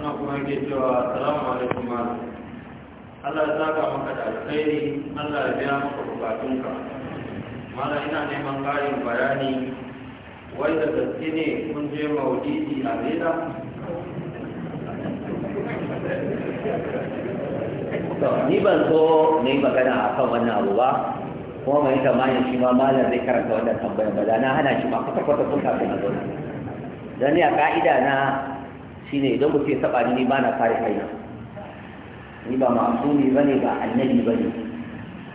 suna kuma yake cewa salamu alaikum malam Allah ya saka maka da alkhairi Allah ya biya maka bukatunka malam ina neman ƙarin bayani wai da gaske ne kun je maulidi a leda ni ban zo na yi magana a kan wannan abu ba kuma mai tamanin shi ma malam zai karanta wannan tambayar ba da na hana shi ma kwata-kwata kun kafin a zo da ni a ka'ida na shine idan mutum ya taɓa ni ba na kare kaina ni ba ma'asumi ba ne ba annabi ba ne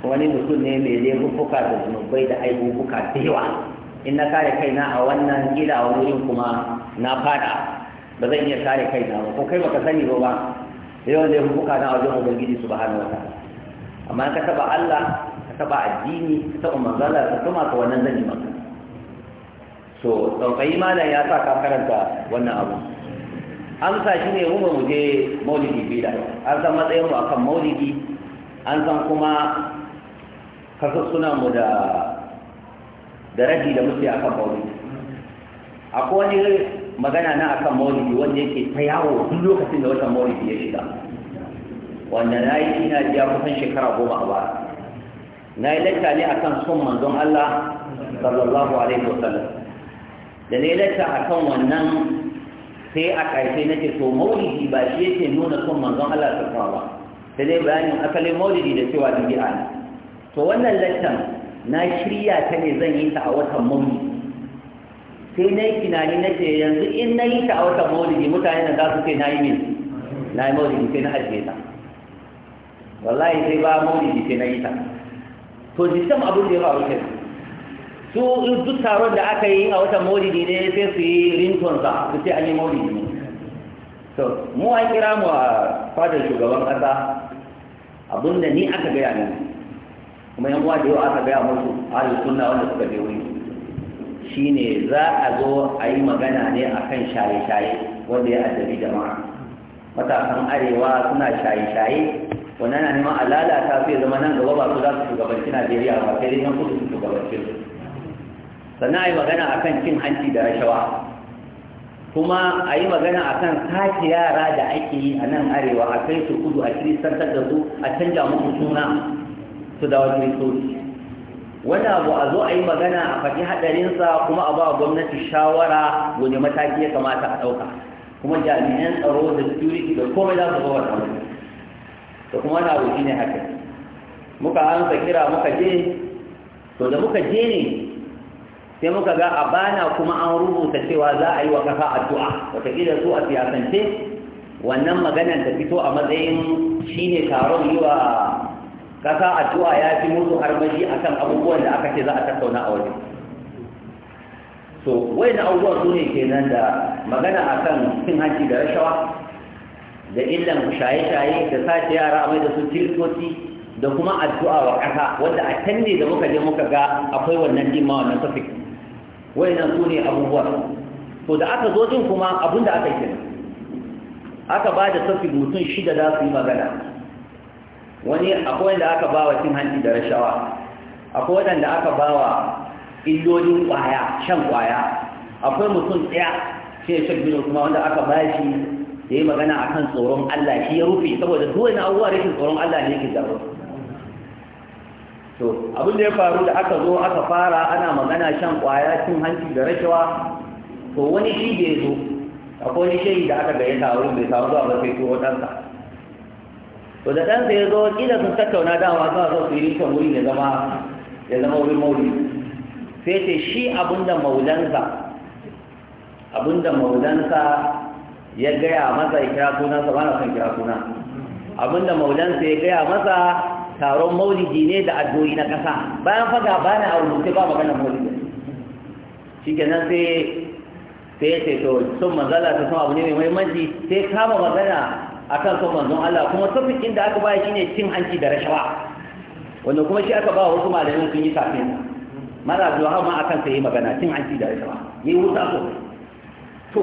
wani mutum ne mai laifuka da zunubai da aibubuka da yawa in na kare kaina a wannan gida a wurin kuma na fada ba zan iya kare kaina ba ko kai baka sani ba ba yawan laifuka na wajen ubangiji subhanahu wa ta'ala amma ka taba Allah ka taba addini ka taba manzala ka tuma ka wannan zan yi maka so tsautsayi malam ya sa ka karanta wannan abu amsa shi ne mu ba mu je maulidi da an san matsayin mu akan maulidi an san kuma suna mu da da rabi da muke akan maulidi akwai wani magana na akan maulidi wanda yake ta yawo duk lokacin da wata maulidi ya shiga wanda na yi ina jiya kusan shekara goma a baya na yi lakta ne akan son manzon Allah sallallahu alaihi wasallam da ne lakta akan wannan sai a ƙarshe nake so maulidi ba shi yake nuna son manzon Allah ta ba sai dai bayanin asalin maulidi da cewa bid'a ne to wannan lattan na shirya ta ne zan yi ta a watan maulidi sai na yi tunani na ce yanzu in na yi ta a watan maulidi mutane da za su ce na yi min na yi maulidi sai na ajiye ta wallahi sai ba maulidi sai na yi ta to jisam abin da ya faru kenan su duk taron da aka yi a watan maulidi ne sai su yi rinton ba su ce an yi maulidi ne to mu an kira mu a fadar shugaban kasa abinda ni aka gaya ne kuma yan uwa da yau aka gaya musu ahlus sunna wanda suka je wuri shine za a zo a yi magana ne a kan shaye-shaye wanda ya addabi jama'a matasan arewa suna shaye-shaye wannan na neman a lalata su ya zama nan gaba ba su za su shugabanci najeriya ba sai dai yan kudu su shugabanci su sannan a yi magana a kan cin hanci da rashawa kuma a yi magana a kan sace yara da ake yi a nan arewa a kai su kudu a kiristantar da su a canja muku suna su da wani soji wani abu a zo a yi magana a faɗi haɗarinsa kuma a ba gwamnati shawara wani mataki ya kamata a ɗauka kuma jami'an tsaro da security da komai za su zo wata wani da kuma wani abu shi ne haka muka amsa kira muka je to da muka je ne sai muka ga a bana kuma an rubuta cewa za a yi wa kasa addu'a wataƙila su a siyasance wannan maganar ta fito a matsayin shine taron yi wa kasa addu'a ya fi musu armashi akan abubuwan da aka ce za a tattauna a waje so wai na abubuwan su ne kenan da magana akan cin hanci da rashawa da illan shaye-shaye da sace yara mai da su kiristoci da kuma addu'a wa ƙasa wanda a can ne da muka je muka ga akwai wannan jima wannan topic wayannan su ne abubuwa to da aka zo jin kuma abin da aka yi aka ba da safi mutum shida za su yi magana wani akwai wanda aka ba wa cin hanci da rashawa akwai wanda aka ba wa illolin kwaya shan kwaya akwai mutum tsaya shi ne shan bino kuma wanda aka ba shi da yi magana akan tsoron Allah shi ya rufe saboda duk wani abubuwa rashin tsoron Allah ne yake jawo to abin da ya faru da aka zo aka fara ana magana shan kwaya cin hanci da rashawa to wani shi da ya zo akwai wani shehi da aka gaya ta wurin bai samu zuwa ba sai tuwo ɗansa to da ɗansa ya zo ƙila sun tattauna dama suna zo su yi rikon wuri ya zama ya zama wurin mauli sai ce shi abin da maulansa abin da maulansa ya gaya masa ya kira sunansa ba na son kira suna abin da maulansa ya gaya masa taron maulidi ne da addu'o'i na ƙasa bayan faga ba a rubuce ba magana maulidi shi kenan sai sai ya ce to sun manzala ta sun abu ne mai mahimmanci sai kama magana a kan sun manzon Allah kuma tafikin da aka baya shine cin hanci da rashawa wanda kuma shi aka ba wasu malamin sun yi kafin mara zuwa ma kan sai magana cin hanci da rashawa yi wuta so to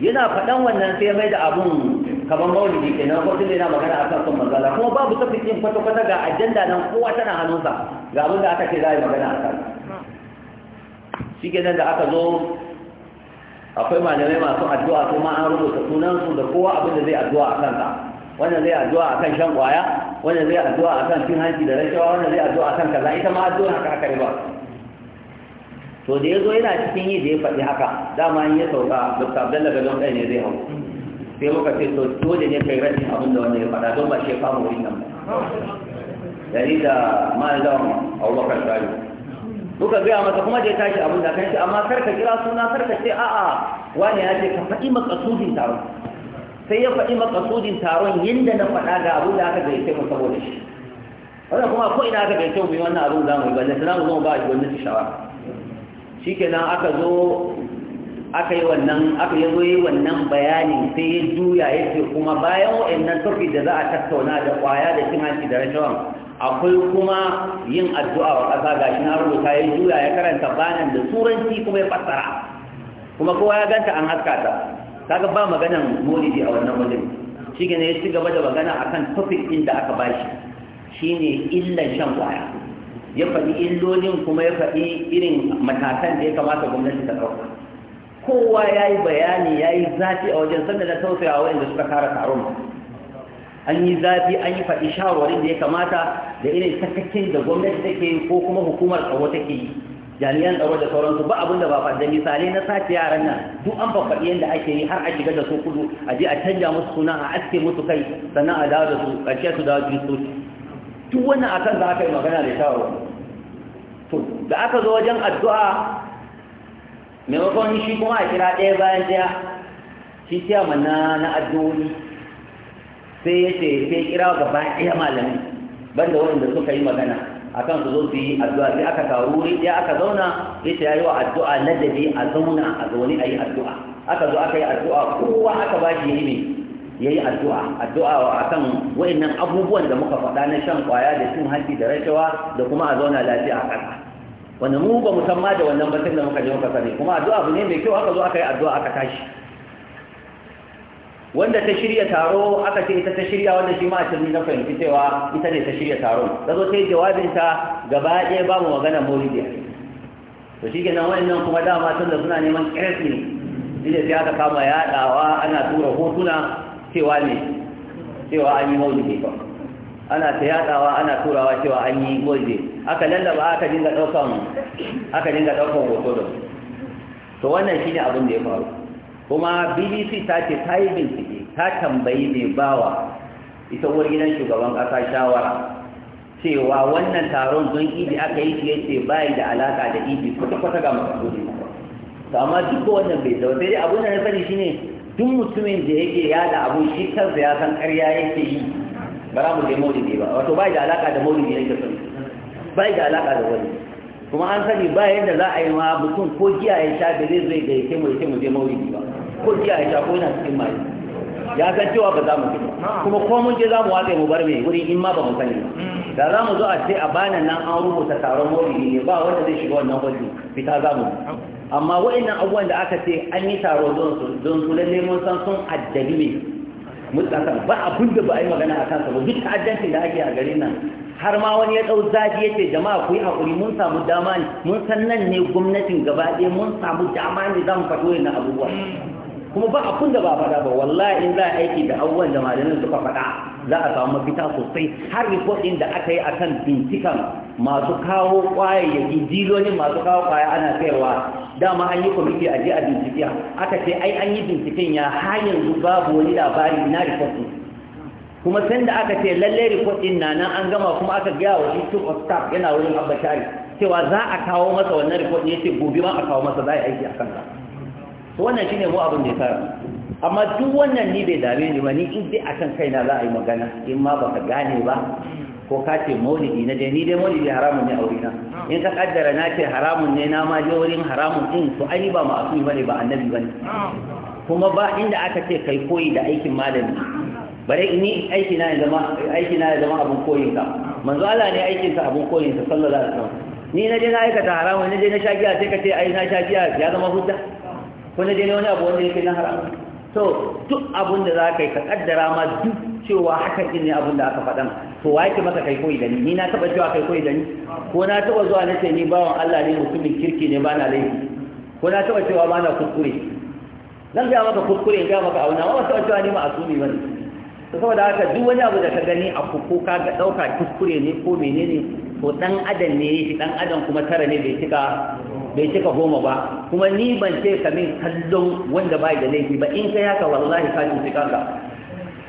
yana faɗan wannan sai mai da abun kamar maulidi ke nan kwatin da yana magana a kan manzala kuma babu tafi yin kwata-kwata ga ajanda nan kowa tana hannunsa ga abin da aka ce za a yi magana a kan shi ke nan da aka zo akwai malamai masu addu'a su ma an rubuta sunansu da kowa abin da zai addu'a a kansa wannan zai addu'a a kan shan kwaya wannan zai addu'a a kan cin hanci da rashawa wannan zai addu'a a kan kaza ita ma addu'a haka haka ne ba to da ya zo yana cikin yi da ya faɗi haka dama in ya sauka dr abdallah gadon ɗaya ne zai hau sai muka ce to dole ne kai rashin abin da wanda ya faɗa don ba shi kama wurin nan da ni da malam abubakar salu muka gaya masa kuma da ya tashi abin da kan shi amma kar ka kira suna kar ka ce a'a wani ya ce ka faɗi makasudin taron sai ya faɗi makasudin taron yadda na faɗa ga abin da aka gaice mu saboda shi wannan kuma ko ina aka gaice mu yi wannan abin zamu yi ba da sana'a mu zo ba shi wani shawara shikenan aka zo aka yi wannan aka yazo zoye wannan bayanin sai ya juya ya ce kuma bayan wa'annan topic da za a tattauna da kwaya da cin hanci da rashawan akwai kuma yin addu'a wa ƙasa ga gashi na rubuta ya juya ya karanta banan da turanci kuma ya fassara kuma kowa ya ganta an haska ta kaga ba maganan molidi a wannan wajen shi ne ya ci gaba da magana akan topic ɗin da aka ba shi shine illan shan kwaya ya faɗi illolin kuma ya faɗi irin matakan da ya kamata gwamnati ta ɗauka kowa ya yi bayani ya yi zafi a wajen sanda da tausayawa waɗanda suka kara taron an yi zafi an yi faɗi shawarwarin da ya kamata da irin sakakin da gwamnati take yi ko kuma hukumar tsaro take yi jami'an tsaro da sauransu ba abin da ba faɗi da misalai na sace yaran nan duk an faɗi yadda ake yi har a shiga da su kudu a je a canja musu suna a aske musu kai sannan a dawo da su ƙarshe su dawo kiristoci duk wannan akan za ka yi magana da shawarwari da aka zo wajen addu'a maimakon shi kuma a kira ɗaya bayan ɗaya shi ciyama na na addu'o'i sai ya ce sai kira gaba ɗaya malami da waɗanda suka yi magana a su zo su yi addu'a sai aka taru wuri aka zauna ya ce a yi wa addu'a ladabi a zauna a zaune a yi addu'a aka zo aka yi addu'a kowa aka ba shi yi ya yi addu'a addu'a a kan abubuwan da muka faɗa na shan kwaya da cin hanci da rashawa da kuma a zauna lafiya a ƙasa wanda mu ba mu da wannan batun da muka je muka sani kuma addu'a abu ne mai kyau aka zo aka yi addu'a aka tashi wanda ta shirya taro aka ce ita ta shirya wanda shi ma a na fahimci cewa ita ne ta shirya taron ta zo ta yi jawabinta gaba ɗaya ba mu magana maulidi to shi kenan wa'annan kuma dama tun da suna neman ƙarfi ne sai aka kama yaɗawa ana tura hotuna cewa ne cewa an yi maulidi ba ana ta yadawa ana turawa cewa an yi golde aka lallaba aka dinga daukan aka dinga daukan hoto da to wannan shine abin da ya faru kuma BBC ta ce ta yi bincike ta tambayi mai bawa ita uwar gidan shugaban kasa shawara cewa wannan taron don idi aka yi shi yace bai da alaka da idi kwata kwata ga makasudi to amma duk wannan bai zama sai dai abin da na sani shine duk mutumin da yake yada abu shi kansa ya san ƙarya yake yi bara mu je maulidi ba wato bai da alaka da maulidi yake sani bai da alaka da wani kuma an sani ba yadda za a yi ma mutum ko giya ya sha da zai zai da yake mu yake mu je maulidi ba ko giya ya sha ko yana cikin mai ya san cewa ba za mu fito kuma ko mun je za mu watsa mu bar me wuri in ma ba mu sani da za mu zo a ce a bana nan an rubuta taron maulidi ne ba wanda zai shiga wannan wajen fita za mu amma wa'annan abubuwan da aka ce an yi taro don su don su lalle mun san sun addabi ne mutlaka ba abin da ba a yi magana a kansa ba duk ta'addancin da ake a garin nan har ma wani ya ɗau zafi ya ce jama'a ku yi haƙuri mun samu dama ne mun san nan ne gwamnatin gaba ɗaya mun samu dama ne za mu faɗo yana abubuwa kuma ba abin da ba a faɗa ba wallahi in za a aiki da abubuwan da malamin suka faɗa za a samu mafita sosai har report ɗin da aka yi akan bincikan masu kawo ƙwayayyaki dilolin masu kawo ƙwaya ana sayarwa dama an yi kwamiti a je a bincike aka ce ai an yi binciken ya har yanzu babu wani labari na report kuma sanda aka ce lallai report din na nan an gama kuma aka gaya wa chief of staff yana wurin abbashari cewa za a kawo masa wannan report ya ce gobe ma a kawo masa za a yi aiki a kansa to wannan shine mu abin da ya fara amma duk wannan ni bai dame ni ba ni in dai kan kaina za a yi magana in ma baka gane ba ko ka ce maulidi na dai ni dai maulidi haramun ne a wurina in ka kaddara na ce haramun ne na ma je wurin haramun din to ai ba ma'asumi bane ba annabi bane kuma ba inda aka ce kai koyi da aikin malami bare ni aiki na ya zama aiki na zama abun koyin ka manzo Allah ne aikin sa abun koyin sa sallallahu alaihi wasallam ni na je na aikata haramun ne je na sha giya sai ka ce ai na sha giya ya zama hujja ko na je ne wani abu wanda yake na haramun to duk abin da za ka yi ka kaddara ma duk cewa hakan ɗin ne abin da aka faɗan to wa yake maka kai koyi da ni ni na taɓa cewa kai koyi da ni ko na taɓa zuwa na ce ni bawan Allah ne mutumin kirki ne ba na laifi ko na taɓa cewa ba na kuskure zan gaya maka kuskure in gaya maka abu na ba taɓa cewa ni ma asumi ba ne to saboda haka duk wani abu da ka gani a ko ka ga ɗauka kuskure ne ko menene to ɗan adam ne ya shi ɗan adam kuma tara ne bai cika bai cika goma ba kuma ni ban ce ka min kallon wanda bai da laifi ba in kai haka wallahi ka cuci kanka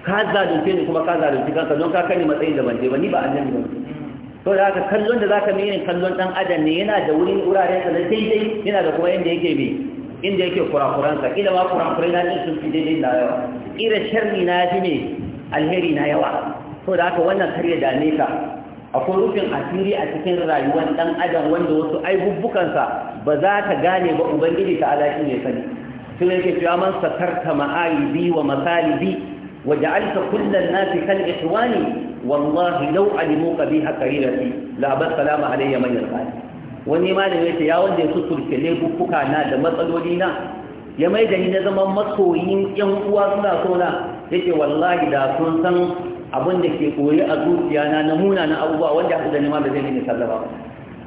ka zalunce ni kuma ka zalunci kanka don ka kani matsayin da ban je ba ni ba annabi ba to da haka kallon da zaka mene kallon dan adam ne yana da wurin wuraren sa daidai yana da kuma inda yake bi inda yake kurakuran sa ila ma kurakuran na din sun fi daidai da yawa ira sharri na fi ne alheri na yawa to da haka wannan karya ne ka akwai rufin asiri a cikin rayuwar dan adam wanda wasu aibubbukansa ba za ta gane ba ubangiji ta ala shi ne sani sun yake cewa man sakarta ma'aibi wa masalibi wa ja'alta kullal nasi kan ihwani wallahi law alimuka biha qarirati la Labar salama alayya man yarqani wani malami yace ya wanda ya suturke laifuka na da matsaloli na ya mai da ni na zaman masoyin yan uwa suna so na yake wallahi da sun san abin da ke koyi a zuciya na na muna na abubuwa wanda haɗu da ma ba zai ne sallaba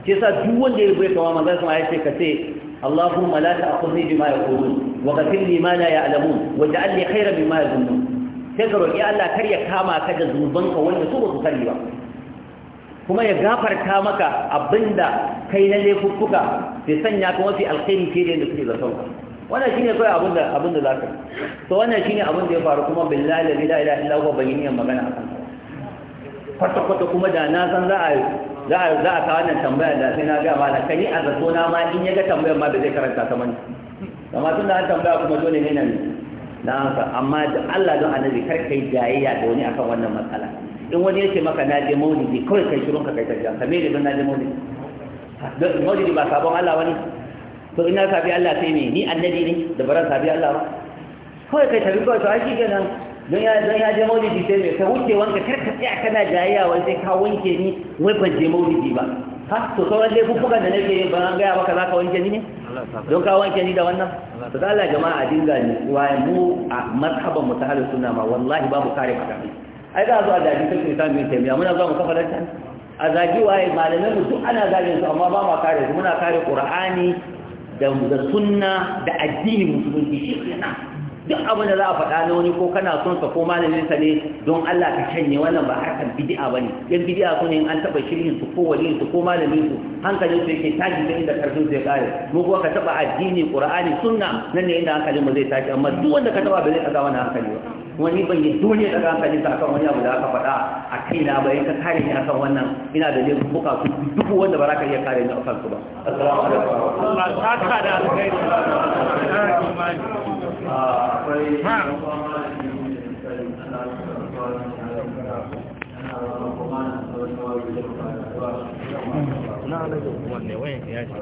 shi yasa duk wanda ya rubuta wa manzon sama ya ce ka ce Allahumma la ta'khudni bima yaqulun wa ghfir li ma la ya'lamun waj'al li khayran mimma yadhunnun sai ka roki Allah kar ya kama ka da zunuban ka wanda su ba su sani ba kuma ya gafarta maka abinda kai na laifuffuka sai sanya ka mafi alkhairi ke da yadda suke zaton ka wannan shine kawai abin da abin da zaka to wannan shine abin da ya faru kuma billahi la ilaha illa huwa bayyiniyan magana akan kwata kwata kuma da na san za a za a kawo wannan tambaya da sai na ga ma na kai a zato na ma in ya ga tambayar ma da zai karanta ta mani amma tun da an tambaya kuma dole ne nan na amsa amma da Allah don annabi kar kai jayayya da wani akan wannan matsala in wani yace maka na je maulidi kawai kai shirin ka kai ta jiya kamar don na je maulidi don maulidi ba sabon Allah wani to ina sabi Allah sai ne ni annabi ne da baran sabi Allah ba kawai kai tabi kawai to ai shi nan. don ya don ya je maulidi sai mai ka wuce wanka kar ka tsaya kana jayayya wai sai ka wanke ni wai ban je maulidi ba ha to sauran bukukan da nake yin ban gaya maka za ka wanke ni ne don ka wanke ni da wannan to Allah jama'a dinga ni waye mu a marhaban mu ta halin sunna ma wallahi babu kare fadafi ai za zo a daji sai ku sami taimiya muna zuwa mu kafa lantarki? a zagi waye malamai mu duk ana zagin su amma ba ma kare su muna kare qur'ani da sunna da addinin musulunci shi kenan duk abin da za a faɗa na wani ko kana son sa ko malamin sa ne don Allah ka canye wannan ba harkar bid'a bane yan bid'a sun ne an taba shirin su ko waliyin su ko malamin su hankalin su yake tashi da inda karfin zai kare mu kuwa ka taba addini qur'ani sunna nan ne inda hankalin mu zai tashi amma duk wanda ka taba ba zai daga wannan hankali ba wani ban yi dole da hankalin sa akan wani abu da aka faɗa a kai na ba in ka kare ni akan wannan ina da laifin buka su duk wanda ba za ka iya kare ni akan su ba assalamu alaikum akwai na da wanne wayan ya shi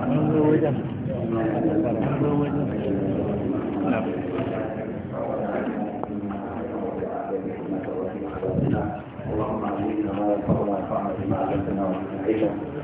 an zo wajen wajen